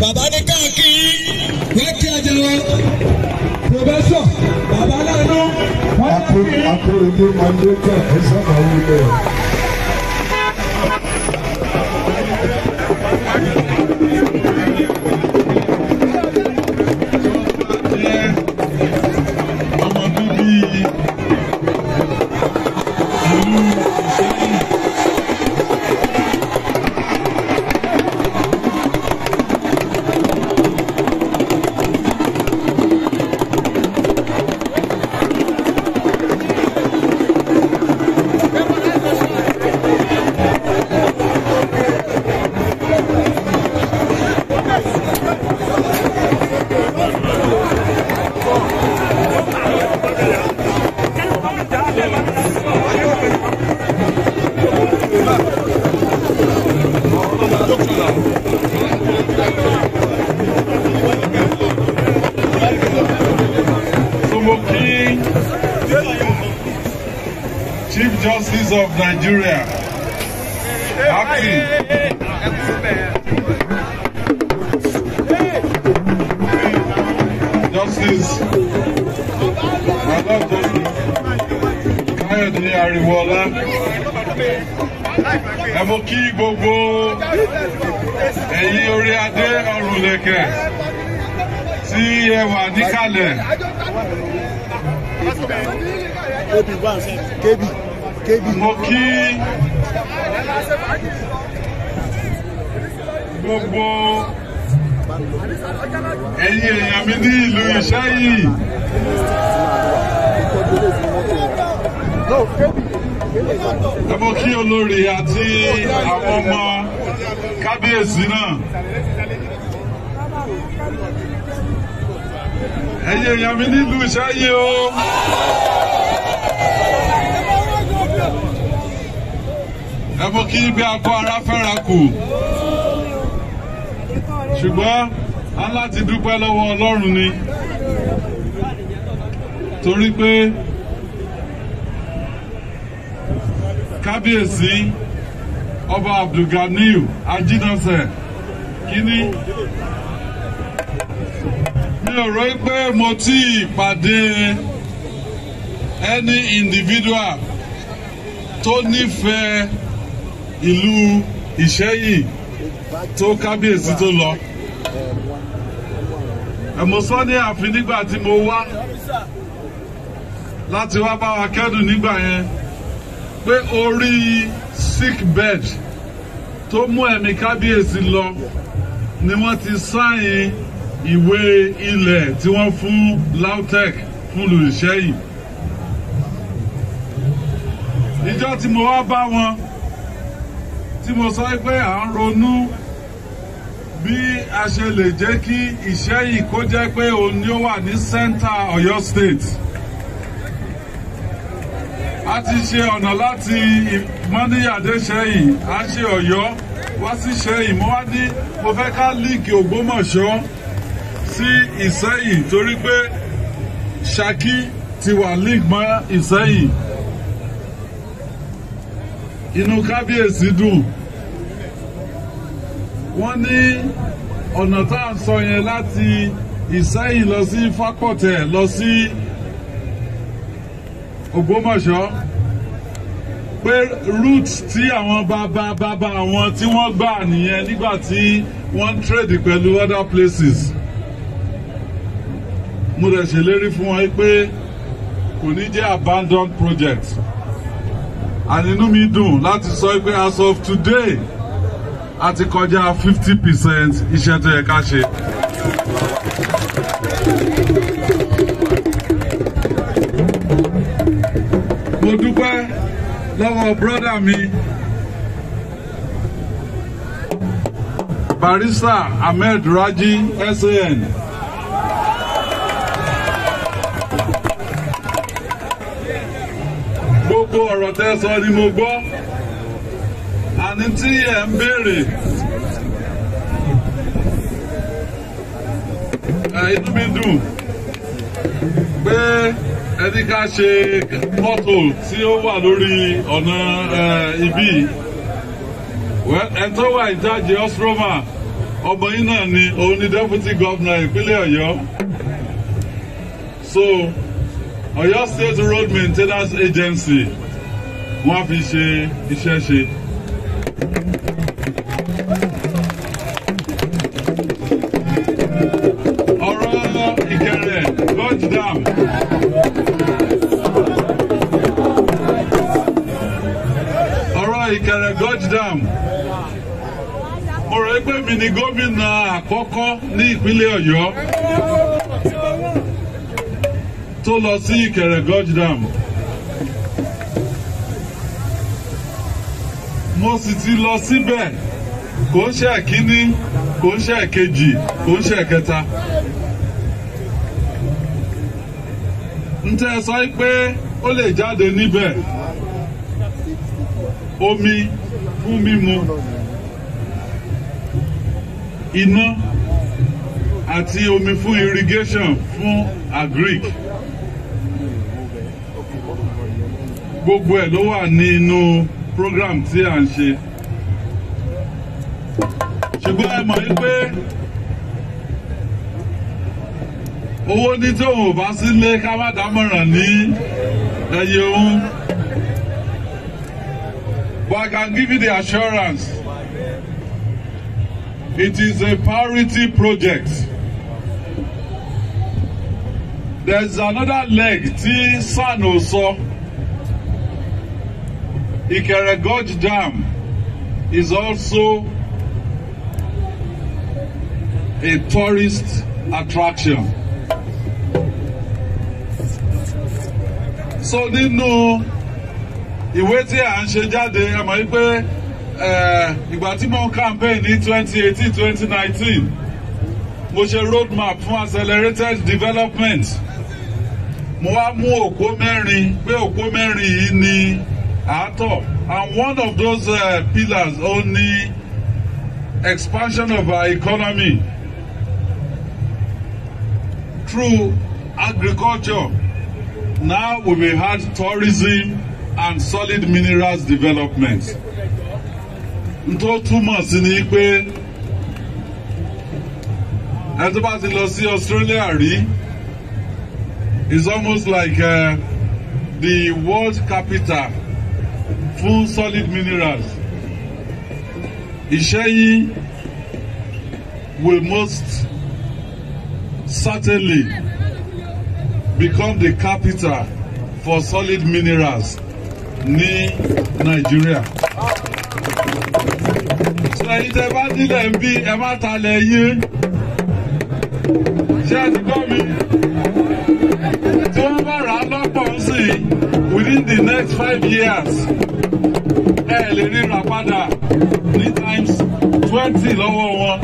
bàbá ní káàkiri wọ́n kí ọjà wọn. pòfẹ́sọ̀ bàbá náà nú. akérèdé máa mandeka, dé ká ẹ̀sán àwọn ọmọ rẹ̀. Nigeria. Acting. Justice. I love, justice. Káyọ̀dé Àríwọ̀lá. Ẹ mo kí gbogbo ẹ̀yin orí adé ọ̀rùnlẹ̀kẹ̀ tí ẹ wà níkàlẹ̀. Kébì kébì. mo kí gbogbo ẹ̀yin èèyàn mi ní ìlú iṣẹ́ yìí. ẹ mọ kí olórí àti àwọn ọmọ kábíyèsí náà. ẹ̀yin èèyàn mi ní ìlú iṣẹ́ yìí o. ẹ mọ kí bí akọ ara fẹ́ra kù ṣùgbọ́n aláti dúpẹ́ lọ́wọ́ Ọlọ́run ni torí pé kábíyèsí ọba Abdulganiyu Ajínasẹ kíní mi ò rò pé mo ti pàdé any individual tó nífẹ̀ẹ́ ìlú ìṣẹ́yìn tó kábíyèsí tó lọ ẹ̀mọ́sọ́ ní ààfin nígbà tí mo wá láti wá bá wa kẹ́dùn nígbà yẹn pé orí sick bed tó mú ẹ̀mí kábíyèsí lọ ni wọ́n ti sáyìn ìwé ilẹ̀ tí wọ́n fún LAUTECH fún lùṣẹ́yìn ìjọ tí mo wá bá wọn tí mo sọ pé à ń ronú bí a ṣe lè jẹ́ kí Ìṣẹ́yìn kó jẹ́ pé òun ni ó wà ní center Ọ̀yọ́ state a ti ṣe ọ̀nà láti mọ́níyàdé Ṣẹ́yìn a ṣe Ọ̀yọ́ wá sí Ṣẹ́yìn mo wá ní mo fẹ́ ká líǹkì Ògbómọ̀ṣọ́ sí Ìṣẹ́yìn torí pé Ṣakí ti wà líǹkì mọ́ Ìṣẹ́yìn inú kábíyèsí dùn wọ́n ní ọ̀nà tá à ń sọ yẹn láti ìsẹ́yìn lọ sí fákọ̀tẹ̀ lọ sí ògbómọ̀ṣọ́ pé route tí àwọn bàbá bàbá àwọn tí wọ́n gbà nìyẹn nígbà tí wọ́n trade pẹ̀lú other places mo rẹ̀ ṣèlérí fún wọn pé kò ní jẹ́ abandoned project. And àninú mi dùn láti sọ pé as of today a ti kọjá fifty percent iṣẹ́ tó yẹ ká ṣe. mo dúpẹ́ lọ́wọ́ brọ́dà mi barista Ahmed Raji SAN. gbogbo ọ̀rọ̀ tẹ́ sọ ni mo gbọ́ àní tí ẹ̀ ń béèrè. inú mi dùn pé ẹni ká ṣe mọ́tò tí ó wà lórí ọ̀nà ibí ẹ̀ wà ìjáde Ostroma ọmọ yìí náà ni òun ni deputy governor ìpínlẹ̀ Ọ̀yọ́ so Ọ̀yọ́ State Road Maintenance Agency wọ́n á fi ṣe iṣẹ́ ṣe. ọ̀rọ̀ Ìkẹrẹ̀ Lodge Dam. ọ̀rọ̀ Ìkẹrẹ̀ Lodge Dam. mo rò pé mi ni gómìnà àkọ́kọ́ ní ìpínlẹ̀ Ọ̀yọ́ tó lọ sí Ìkẹrẹ̀ Lodge mo sì ti lọ síbẹ̀ kò ń ṣe ẹ̀kíní kò ń ṣe ẹ̀kejì kò ń ṣe ẹ̀kẹta. ntẹ sọ pé ó lè jáde níbẹ̀ omi fún mímu iná àti omi fún irrigation fún agric. gbogbo ẹ̀ ló wà ní inú. No, program tí à ń ṣe ṣùgbọ́n ẹ mọ̀ wípé owó ní tí òun ò bá sílé ká má dámọ̀ràn ní ẹyẹ òun. But I can give you the assurance it is a priority project. There is another leg tí SAN ò sọ. So. Ikaragoj Dam is also a tourist attraction. So nínú ìwé tí à ń ṣe jáde ẹ mọ̀ wípé eh, ìgbà tí mo ń campaign ní 2018 2019 mo ṣe road map fún accelerated development mo wá mú òpó mẹ́rin pé òpó mẹ́rin yìí ni at all. And one of those uh, pillars only expansion of our economy through agriculture. Now we will have tourism and solid minerals development. N tó túmọ̀ sí ni pé ẹ tó bá ti lọ sí Australia rí is almost like uh, the world capital fún solid minerals Ìṣẹ́yìn will most certainly become the capital for solid minerals ní Nàìjíríà. Ṣé ẹ̀yin tẹ́ bá nílẹ̀ ń bí ẹ má talẹ̀ yín? Ṣé ẹ ti gbọ́ mi? see within the next five years ẹ lè ríra padà ní times twenty lọ́wọ́ wọn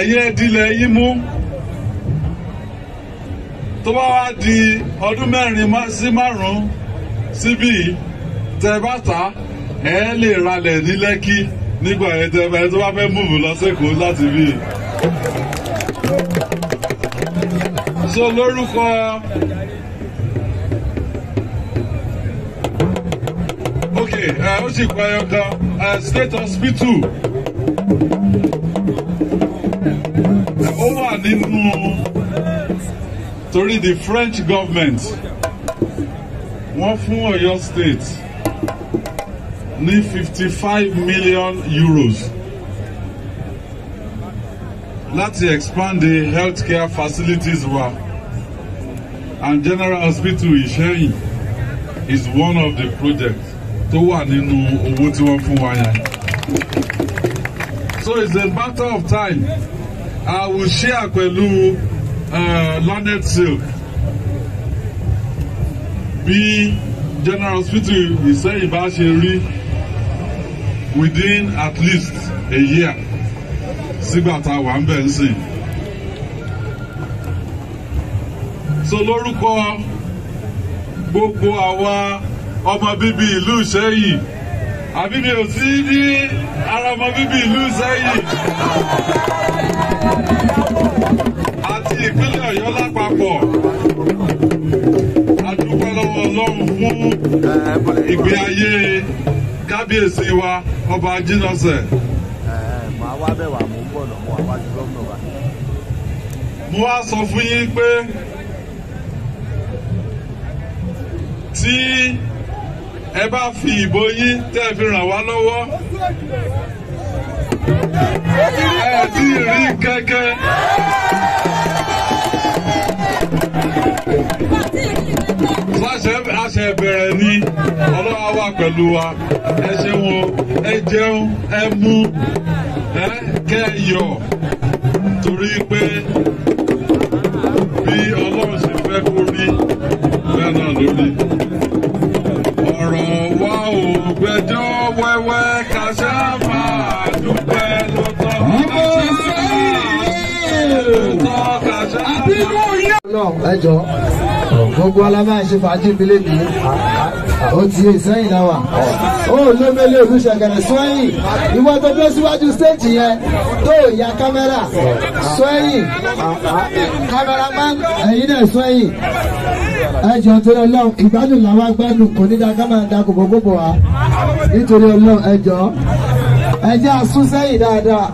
ẹ̀yin ẹ̀dílẹ̀ yín mú tó bá wá di ọdún mẹ́rin sí márùn-ún síbí tẹ bá ta lè ralẹ̀ ní lẹ́kí nígbà yẹn tó bá fẹ́ múùbù lọ́sẹ̀kọ́ láti bí. so lórúkọ Sunday Oshikwayoka uh, State Hospital. Over wà nínú torí the French government wọ́n for your State Need 55 million euros Let's expand the healthcare facilities wa and General Hospital is one of the projects tó wà nínú owó tí wọ́n fún wa yẹn. So it's a matter of time I will share pẹ̀lú uh, Lanet Silk bí General Hospital Ìṣẹ̀yìn bá ṣe rí within at least a year sígbà tá a wà ń bẹ̀ ń sìn. So lórúkọ gbogbo àwa ọmọ bíbí ìlú Ìṣẹ́yìn àbí mi ò sí ní ara ọmọ bíbí ìlú Ìṣẹ́yìn àti ìpínlẹ̀ Ọ̀yọ́ lápapọ̀ a dúpẹ́ lọ́wọ́ Ọlọ́run fún ìgbé ayé kábíyèsí wa ọba Ajínọ̀sẹ̀. màá wá bẹ̀ wá mú bọ̀ mo wá sọ fún yín pé tí ẹ bá fi ìbò yín tẹ́ fi ràn wá lọ́wọ́ ẹ ti rí kẹ́kẹ́. láṣẹ bẹ̀rẹ̀ ni ọlọ́wà wà pẹ̀lú wa ẹ ṣeun ẹ jẹun ẹ mú ẹ kẹ́ ẹ yọ̀ torí pé. ẹjọ gbogbo alábàáṣe fàájì ìbílẹ̀ ní ó ti yé ìsẹ́yìn náà wà. ó lómele olùṣègùn sọ́yìn ìwọ tó dé síwájú stéèjì yẹn tó ya kámẹ́rà sọ́yìn kámẹ́rámán ẹ̀yin náà sọ́yìn. ẹjọ torí Ọlọ́run ìgbádùn làwọn agbádùn kò ní dáká máa da gbogbo gbogbo wa nítorí Ọlọ́run ẹjọ ẹjẹ àsún sẹ́yìn dáadáa.